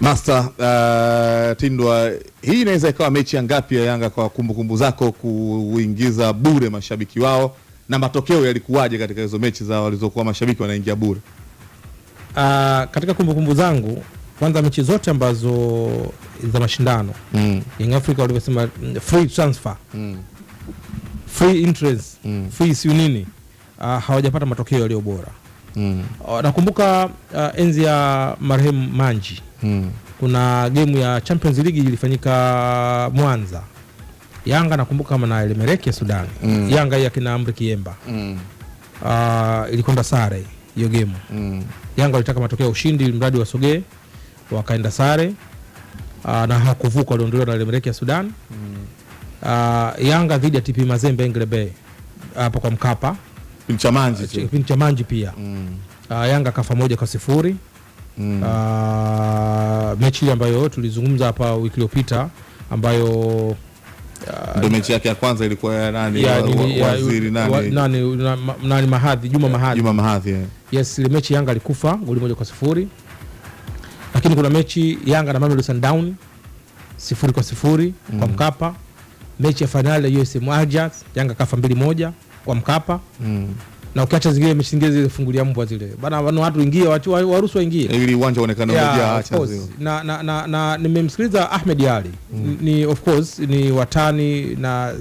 Master uh, Tindwa, hii inaweza ikawa mechi ya ngapi ya Yanga kwa kumbukumbu kumbu zako kuingiza bure mashabiki wao na matokeo yalikuwaje katika hizo mechi za walizokuwa mashabiki wanaingia bure? Uh, katika kumbukumbu zangu kwanza mechi zote ambazo za mashindano mm. Young Africa walivyosema mm, free transfer mm. free entrance mm. free siu nini uh, hawajapata matokeo yaliyo bora mm. Uh, nakumbuka uh, enzi ya marehemu Manji mm. kuna gemu ya Champions League ilifanyika Mwanza, Yanga nakumbuka kama na Elmereki ya sudan mm. Yanga hii akina Amri Kiemba mm. uh, ilikwenda sare hiyo gemu mm. Yanga walitaka matokeo ya ushindi mradi wasogee, wakaenda sare uh, na hakuvuka, waliondolewa na Elmereki ya Sudan mm. uh, Yanga dhidi ya TP Mazembe englebe hapo kwa Mkapa kipindi cha manji pia mm. uh, Yanga kafa moja kwa sifuri mm. uh, mechi ile ambayo tulizungumza hapa wiki iliyopita ambayo uh, ah, ndo mechi yake ya kwanza ilikuwa ya nani ya, nini, wa, waziri nani wa, nani, na, nani Mahadhi Juma Mahadhi Juma Mahadhi yeah. Yes, ile mechi Yanga alikufa goli moja kwa sifuri lakini kuna mechi Yanga na Mamelodi Sundowns sifuri kwa sifuri mm. kwa Mkapa. Mechi ya fainali ya USM Alger Yanga kafa mbili moja kwa Mkapa mm na ukiacha zingine mechi zingine zile fungulia mbwa zile bana, wana watu ingie watu waruhusu waingie ili uwanja uonekane unajaa. Acha na na na, na nimemsikiliza Ahmed Ali mm. ni of course ni watani na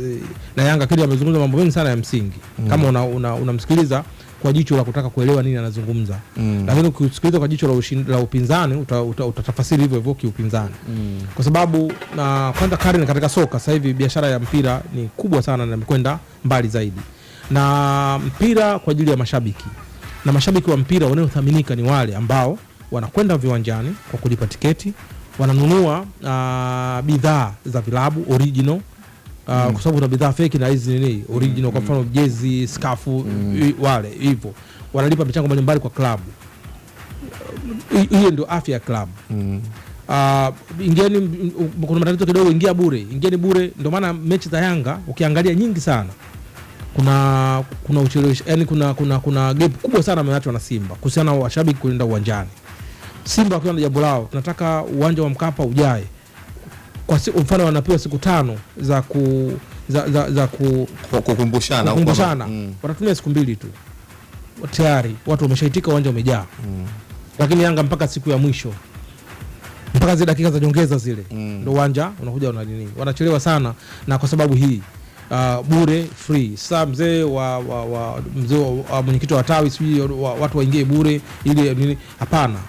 na Yanga kile amezungumza mambo mengi sana ya msingi mm. kama una, unamsikiliza una kwa jicho la kutaka kuelewa nini anazungumza mm. lakini ukisikiliza kwa jicho la, ushin, la upinzani utatafasiri uta, uta hivyo hivyo upinzani mm. kwa sababu na kwanza karne katika soka sasa hivi biashara ya mpira ni kubwa sana na imekwenda mbali zaidi na mpira kwa ajili ya mashabiki, na mashabiki wa mpira wanaothaminika ni wale ambao wanakwenda viwanjani kwa kulipa tiketi, wananunua uh, bidhaa za vilabu original Uh, mm. Kwa sababu na bidhaa feki na hizi nini original mm. Kwa mfano jezi, skafu mm. Wale hivyo wanalipa michango mbalimbali kwa klabu. Hiyo ndio afya ya klabu mm. Uh, ingieni, kuna matatizo kidogo, ingia bure, ingieni bure. Ndio maana mechi za Yanga ukiangalia nyingi sana kuna kuna uchelewesha yani, kuna kuna kuna gap kubwa sana ameachwa na Simba kuhusiana na washabiki kuenda uwanjani. Simba wakiwa na jambo lao, tunataka uwanja wa Mkapa ujae kwa si, mfano wanapewa siku tano za ku za, za, za ku, kukumbushana kukumbushana mm. watatumia siku mbili tu tayari watu wameshaitika, uwanja umejaa mm. lakini Yanga mpaka siku ya mwisho mpaka zile dakika za nyongeza zile mm. ndio uwanja unakuja una nini, wanachelewa sana na kwa sababu hii uh, bure free. Sasa mzee wa, wa, wa mzee wa, wa mwenyekiti wa tawi sijui wa, watu waingie bure ili nini? Hapana.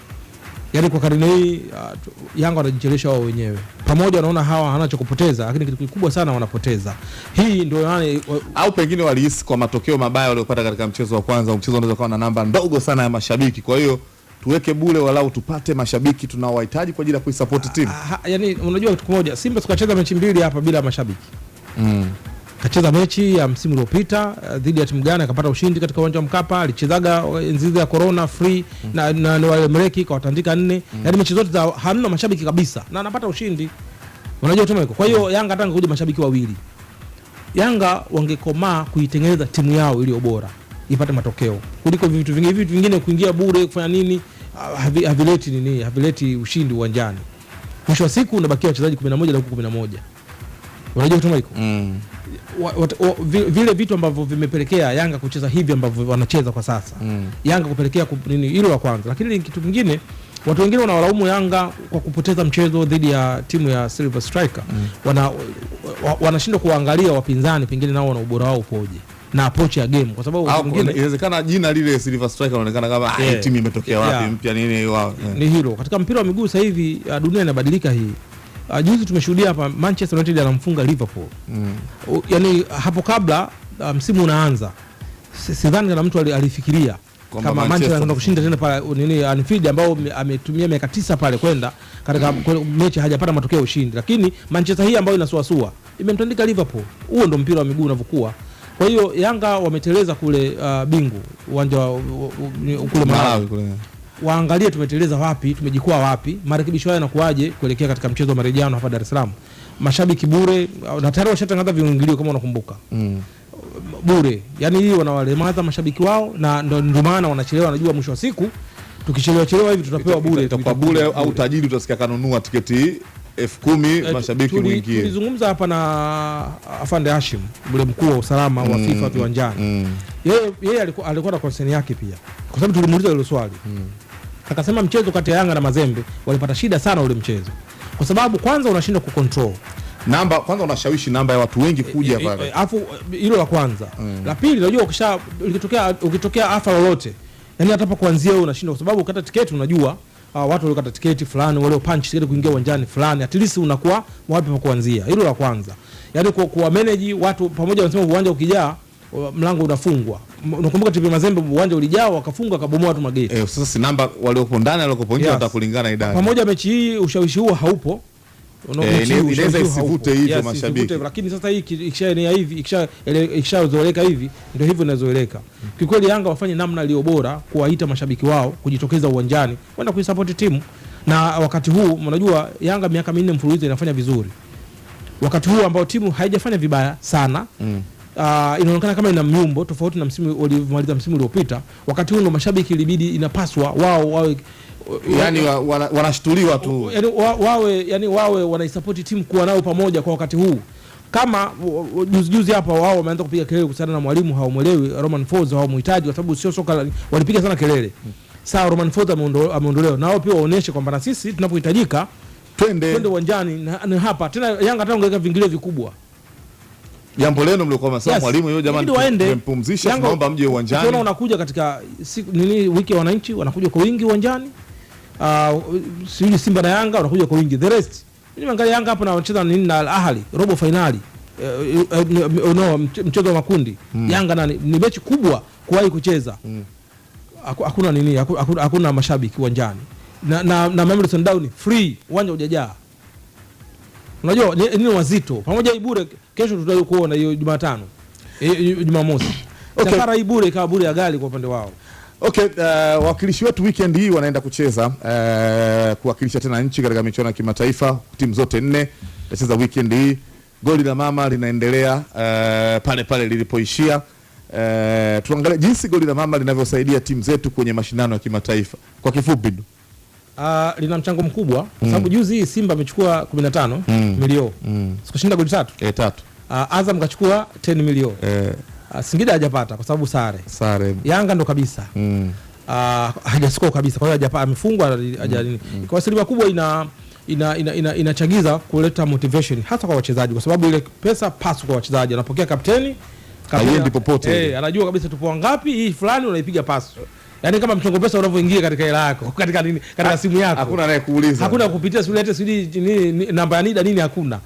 Yaani kwa karne hii uh, Yanga wanajichelesha wao wenyewe. Pamoja wanaona hawa hana cha kupoteza, lakini kitu kikubwa sana wanapoteza. Hii ndio yani eh, wa... au pengine walihisi kwa matokeo mabaya waliopata katika mchezo wa kwanza, mchezo unaweza kuwa na namba ndogo sana ya mashabiki. Kwa hiyo tuweke bure walau tupate mashabiki tunaowahitaji kwa ajili ya kuisupport ah, timu. Yaani unajua kitu kimoja, Simba tukacheza mechi mbili hapa bila mashabiki. Mm. Kacheza mechi ya msimu uliopita eh, dhidi ya timu gani, akapata ushindi katika uwanja wa Mkapa. Alichezaga enzi eh, ya corona free mm. na, na, na wale mreki kawatandika nne mm. yaani mechi zote za hamna mashabiki kabisa na anapata ushindi. Unajua tumeko. Kwa hiyo mm. Yanga hata angekuja mashabiki wawili, Yanga wangekomaa kuitengeneza timu yao iliyo bora ipate matokeo kuliko vitu vingine. Vitu vingine kuingia bure kufanya nini ah, havileti nini, havileti ushindi uwanjani. Mwisho wa siku unabakia wachezaji 11 na 11 unajua kitu Michael mm. Wa, wa, wa, vile vitu ambavyo vimepelekea Yanga kucheza hivi ambavyo wanacheza kwa sasa mm. Yanga kupelekea kup, nini hilo la kwanza, lakini kitu kingine watu wengine wanawalaumu Yanga kwa kupoteza mchezo dhidi ya timu ya Silver Striker mm. wanashindwa wa, wa, wana kuwaangalia wapinzani pengine nao wana ubora wao upoje na approach ya game kwa sababu wengine inawezekana jina lile Silver Striker inaonekana kama yeah. Eh. timu imetokea wapi yeah. mpya nini wao yeah. ni hilo katika mpira wa miguu sasa hivi uh, dunia inabadilika hii Uh, juzi tumeshuhudia hapa Manchester United anamfunga Liverpool. Mm. Uh, yani hapo kabla uh, msimu unaanza sidhani kana mtu alifikiria kama Manchester anaenda kushinda tena pale nini Anfield ambao ametumia miaka tisa pale kwenda katika mm. mechi hajapata matokeo ya ushindi, lakini Manchester hii ambayo inasuasua imemtandika Liverpool. Huo ndo mpira wa miguu unavyokuwa. Kwa hiyo Yanga wameteleza kule uh, Bingu uwanja kule Malawi kule waangalie tumeteleza wapi, tumejikua wapi, marekebisho hayo yanakuaje kuelekea katika mchezo wa marejano hapa Dar es Salaam. Mashabiki bure na tayari washatangaza viingilio kama unakumbuka mm. bure, yani hii wanawalemaza mashabiki wao, na ndio maana wanachelewa, wanajua mwisho wa siku tukichelewa chelewa hivi tutapewa bure, itakuwa bure au tajiri utasikia kanunua tiketi elfu kumi eh, mashabiki mwingie. Tulizungumza hapa na afande Hashim, yule mkuu wa usalama mm. wa FIFA viwanjani, mm. yeye alikuwa na concern yake pia, kwa sababu tulimuuliza hilo swali mm akasema mchezo kati ya Yanga na Mazembe walipata shida sana ule mchezo, kwa sababu kwanza unashindwa kucontrol namba kwanza, unashawishi namba ya watu wengi kuja eh, eh, pale, eh, alafu hilo la kwanza mm. La pili, unajua ukisha ukitokea ukitokea afa lolote, yani hata hapo kuanzia wewe unashindwa, kwa sababu ukata tiketi unajua uh, watu waliokata tiketi fulani wale punch tiketi kuingia uwanjani fulani, at least unakuwa wapi pa kuanzia. Hilo la kwanza, yani kwa, kwa manage watu pamoja, wanasema uwanja ukijaa mlango unafungwa. Unakumbuka TP Mazembe uwanja ulijaa wakafunga kabomoa tu mageti. Eh, sasa si namba waliopo ndani waliopo nje watakulingana Idadi. Pamoja mechi hii ushawishi huo haupo. Eh, inaweza isivute hivyo mashabiki. Lakini sasa hii ikishaenea hivi ikisha ikishazoeleka hivi ndio hivyo inazoeleka. Kikweli Yanga wafanye namna iliyo bora kuwaita mashabiki wao kujitokeza uwanjani kwenda kuisupport timu na wakati huu unajua Yanga miaka minne mfululizo inafanya vizuri, wakati huu ambao timu haijafanya vibaya sana mm uh, inaonekana kama ina myumbo tofauti na msimu uliomaliza msimu uliopita. Wakati huo ndo mashabiki ilibidi inapaswa wao wawe yani wanashtuliwa wana tu yani wawe yani wawe wanaisapoti timu kuwa nao pamoja kwa wakati huu kama juzi juzi hapa wao wameanza kupiga kelele kuhusiana na mwalimu, hawamwelewi Roman Folz, hawamhitaji kwa sababu sio soka. Walipiga sana kelele. Sawa, Roman Folz ameondolewa, na wao pia waoneshe kwamba na sisi tunapohitajika twende twende uwanjani, na hapa tena Yanga hata ungeweka vingilio vikubwa jambo lenu mlikuwa masaa yes. Mwalimu yule jamani tumempumzisha, tunaomba mje uwanjani. Unaona unakuja katika siku nini, wiki ya wananchi wanakuja kwa wingi uwanjani. Uh, sijui Simba na Yanga wanakuja kwa wingi the rest. Mimi naangalia Yanga hapo na wanacheza nini na Al Ahly robo finali. Uh, uh, no, mchezo wa makundi mm. Yanga nani ni mechi kubwa kuwahi kucheza mm. Hakuna nini, hakuna, hakuna mashabiki uwanjani na, na, na Mamelodi Sundowns free, uwanja hujajaa. Unajua nini wazito pamoja ibure kesho tutaje kuona hiyo Jumatano, Jumamosi. Okay. Safari bure ikawa bure ya gari kwa upande wao. Okay, uh, wawakilishi wetu weekend hii wanaenda kucheza uh, kuwakilisha tena nchi katika michuano ya kimataifa, timu zote nne tacheza weekend hii. Goli la mama linaendelea uh, pale pale lilipoishia. Uh, tuangalie jinsi goli la mama linavyosaidia timu zetu kwenye mashindano ya kimataifa kwa kifupi uh, lina mchango mkubwa kwa mm. sababu mm. juzi hii Simba amechukua 15 mm. milio mm. sikushinda goli tatu e, tatu uh, Azam kachukua 10 milio e. uh, Singida hajapata kwa sababu sare sare Yanga ndo kabisa mm. uh, hajascore kabisa kwa hiyo hajapata amefungwa mm. mm. kwa sababu kubwa ina inachagiza ina, ina, ina kuleta motivation hasa kwa wachezaji, kwa sababu ile pesa pasu kwa wachezaji, anapokea kapteni, kapteni haiendi popote, hey, eh, anajua kabisa tupo wangapi hii fulani unaipiga pasu Yaani kama mchongo pesa unavyoingia katika hela yako, katika nini? Katika simu yako. Hakuna anayekuuliza. Hakuna kupitia simu yetu sijui nini namba ya NIDA nini hakuna.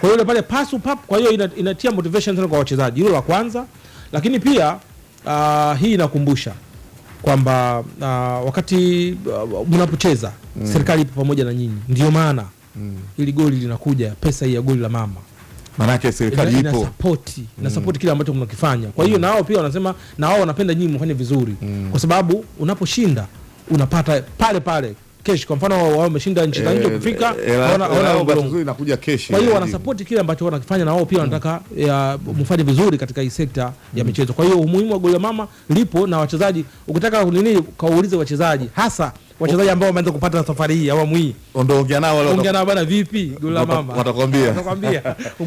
Kwa hiyo pale pasu pap, kwa hiyo inatia motivation sana kwa wachezaji. Hilo la kwanza. Lakini pia uh, hii inakumbusha kwamba uh, wakati uh, mnapocheza mm. serikali ipo pamoja na nyinyi. Ndio maana mm. ili goli linakuja pesa hii ya goli la mama maanake serikali ipo inasapoti inasapoti mm. kile ambacho mnakifanya. Kwa hiyo mm. nao pia wanasema, na wao wanapenda nyinyi mfanye vizuri mm. kwa sababu unaposhinda unapata pale pale kesh. Kwa mfano wao wameshinda nchi za nje eh, kufika, eh, eh, inakuja kesh. Kwa hiyo wanasapoti kile ambacho wanakifanya, na wao pia mm. wanataka mfanye vizuri katika hii sekta ya mm. michezo. Kwa hiyo umuhimu wa Goli Mama lipo, na wachezaji ukitaka nini, kaulize wachezaji hasa wachezaji ambao wameanza kupata safari hii awamu hii, ndio ongea nao, ongea nao bana, vipi Goli la Mama, watakwambia watakwambia